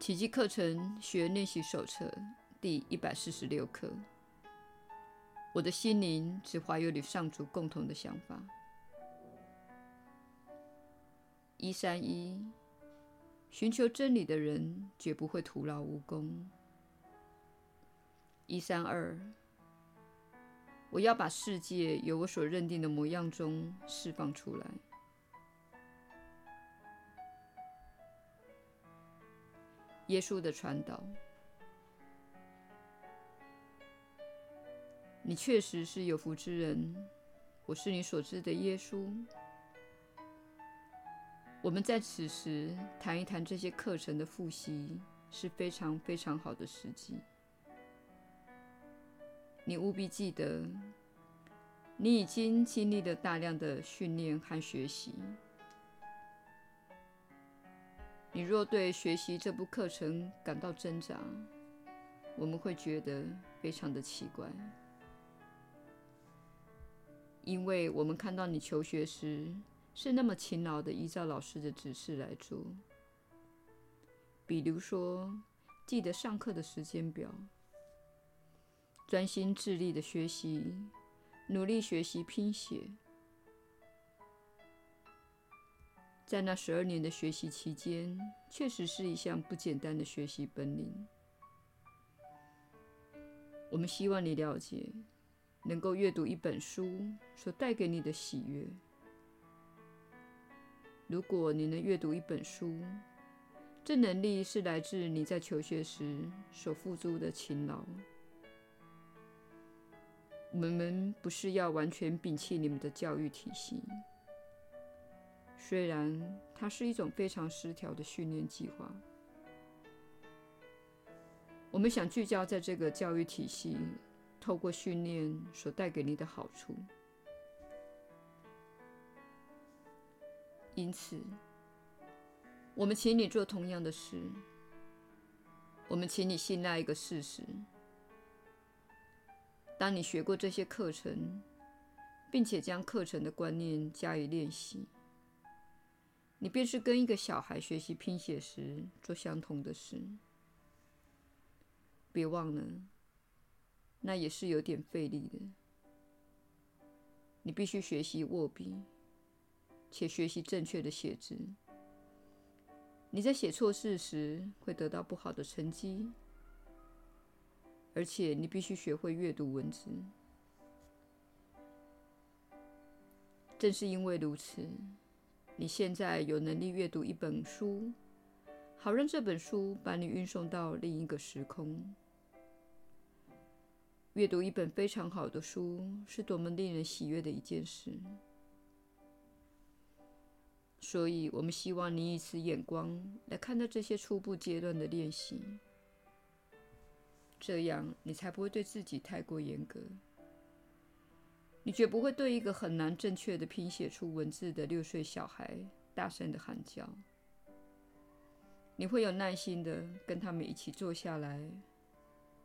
奇蹟課程學練習手冊第一百四十六課。我的心靈只懷有與上主共同的想法。一三一，尋求真理的人絕不會徒勞無功。一三二，我要把世界由我所認定的模樣中釋放出來。耶穌的傳導，你確實是有福之人。我是你所知的耶穌。我們在此時談一談這些課程的複習是非常非常好的時機。你務必記得，你已經經歷了大量的訓練和學習。你若對學習這部課程感到掙扎，我們會覺得非常的奇怪，因為我們看到你求學時是那麼勤勞的依照老師的指示來做，比如說記得上課的時間表，專心致力的學習，努力學習拼寫。在那十二年的學習期間，確實是一項不簡單的學習本領。我們希望你了解，能夠閱讀一本書所帶給你的喜悅。如果你能閱讀一本書，這能力是來自你在求學時所付出的勤勞。我們不是要完全摒棄你們的教育體系。雖然它是一種非常失調的訓練計劃，我們想聚焦在這個教育體系透過訓練所帶給你的好處。因此，我們請你做同樣的事。我們請你信賴一個事實：當你學過這些課程，並且將課程的觀念加以練習。你便是跟一個小孩學習拼寫時做相同的事，別忘了，那也是有點費力的。你必須學習握筆，且學習正確的寫字。你在寫錯字時會得到不好的成績，而且你必須學會閱讀文字。正是因為如此。你現在有能力閱讀一本書，好讓這本書把你運送到另一個時空。閱讀一本非常好的書，是多麼令人喜悅的一件事！所以，我們希望你以此眼光來看待這些初步階段的練習，這樣你才不會對自己太過嚴格。你絕不會對一個很難正確的拼寫出文字的六歲小孩大聲地喊叫。你會有耐心的跟他們一起坐下來，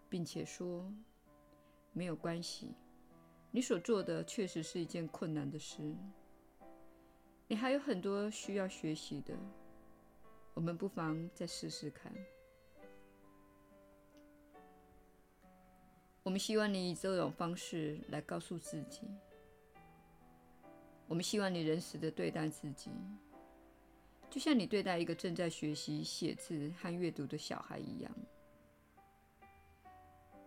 並且說：“沒有關係，你所做的確實是一件困難的事。你還有很多需要學習的。我們不妨再試試看。”我們希望你以這種方式來告訴自己，我們希望你仁慈地對待自己，就像你對待一個正在學習寫字和閱讀的小孩一樣。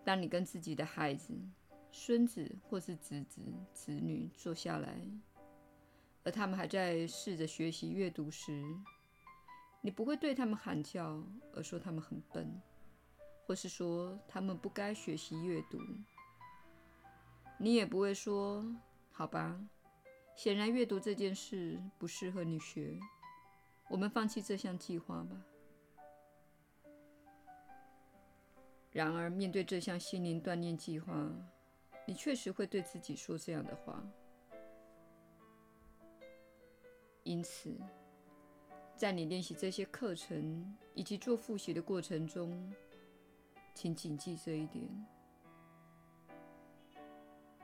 當你跟自己的孩子、孫子或是侄子、姪女坐下來，而他們還在試着學習閱讀時，你不會對他們喊叫而說他們很笨。或是說，他們不該學習閱讀。你也不會說：“好吧，顯然閱讀這件事不適合你學，我們放棄這項計劃吧。”然而，面對這項心靈鍛鍊計劃，你確實會對自己說這樣的話。因此，在你練習這些課程以及做復習的過程中，請謹記這一點。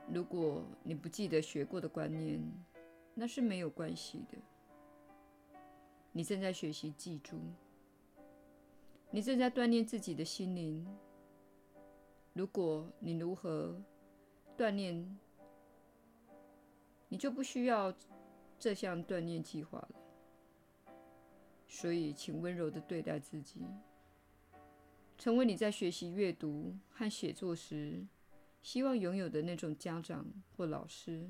如果你不記得學過的觀念，那是沒有關係的。你正在學習記住，你正在鍛鍊自己的心靈。如果你如何鍛鍊，你就不需要這項鍛鍊計劃了。所以，請溫柔地對待自己。成為你在學習閱讀和寫作時希望擁有的那種家長或老師。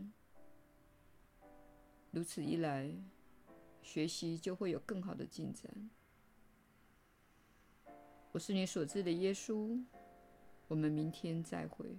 如此一來，學習就會有更好的進展。我是你所知的耶穌，我們明天再會。